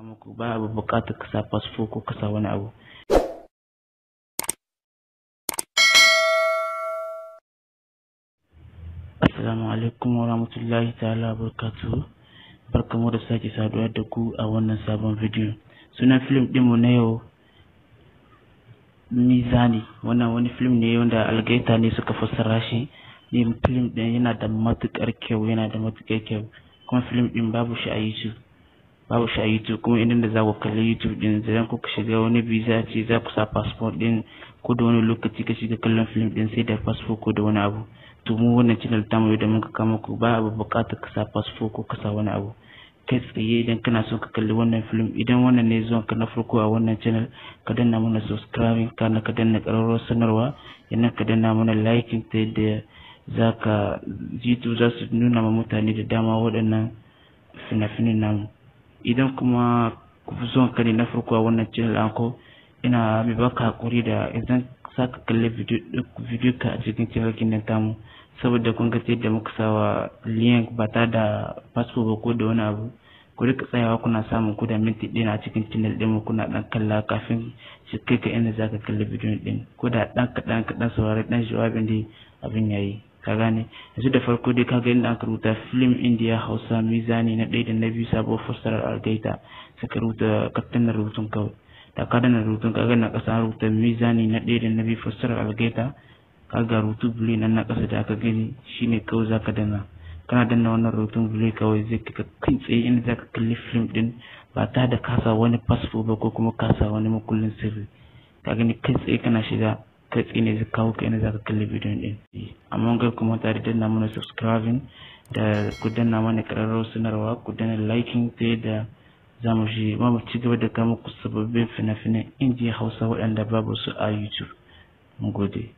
muku ba abu bukatar kasa fasfo ko kasa wani abu assalamu alaikum wa rahmatullahi ta'ala wa burkatu barkamu da sake saduwa da ku a wannan sabon bidiyo suna film dinmu na yau mizani wannan wani film ne wanda algaita ne suka fassara shi ne film din yana da matukar kyau yana da matukar kyau kuma film din babu shi a youtube babu shi a youtube kuma idan da za ku kalli youtube din zan kuka shiga wani visa ce za ku sa passport din ko da wani lokaci ka shiga kallon film din sai da passport ko da wani abu to mu wannan channel tamu da ka kama ku ba abu bukatar ka sa passport ko ka sa wani abu kai tsaye idan kana so ka kalli wannan film idan wannan ne zuwan ka na farko a wannan channel ka danna mana subscribing kana ka danna ƙararrawar sanarwa yana ka danna mana liking ta yadda za ka youtube za su nuna ma mutane da dama waɗannan fina-finan namu idan kuma zuwan ka ne na farko a wannan channel ko ina mai baka hakuri da idan saka kalli video ka a cikin channel kin nan tamu saboda kun ga da muka sawa link ba ta da passport ba ko da wani abu ku rika tsayawa kuna samun ku da minti ɗin a cikin channel ɗin kuna ɗan kalla kafin shi kai ka inda zaka kalli bidiyon ɗin ko da ɗan kaɗan kaɗan saurari ɗan jawabin da abin ya yi. ka gane yanzu da farko dai kaga inda aka rubuta film india hausa mizani na ɗaya da na biyu sabuwar fassarar algaita suka rubuta na rubutun kawai da ka dana rubutun kaga na ƙasa rubuta mizani na ɗaya da na biyu fassarar algaita ga rubutu bule nan na ƙasa da aka gani shine kawai ka dana kana danna wannan rubutun bule kawai zai kika kan tsaye inda ka kalli film din ba ta da kasa wani fasfo ba ko kuma kasa wani makullin sirri ka gani kai tsaye kana shiga kai tsaye ne zai kawo ka za ka kalli bidiyon din amma ga kuma tare da mana subscribing da ku danna mana ƙararrawar sanarwa ku danna liking ta da za shi ma mu ci gaba da kama ku sababbin fina-finan indiya hausa waɗanda babu su a youtube mu gode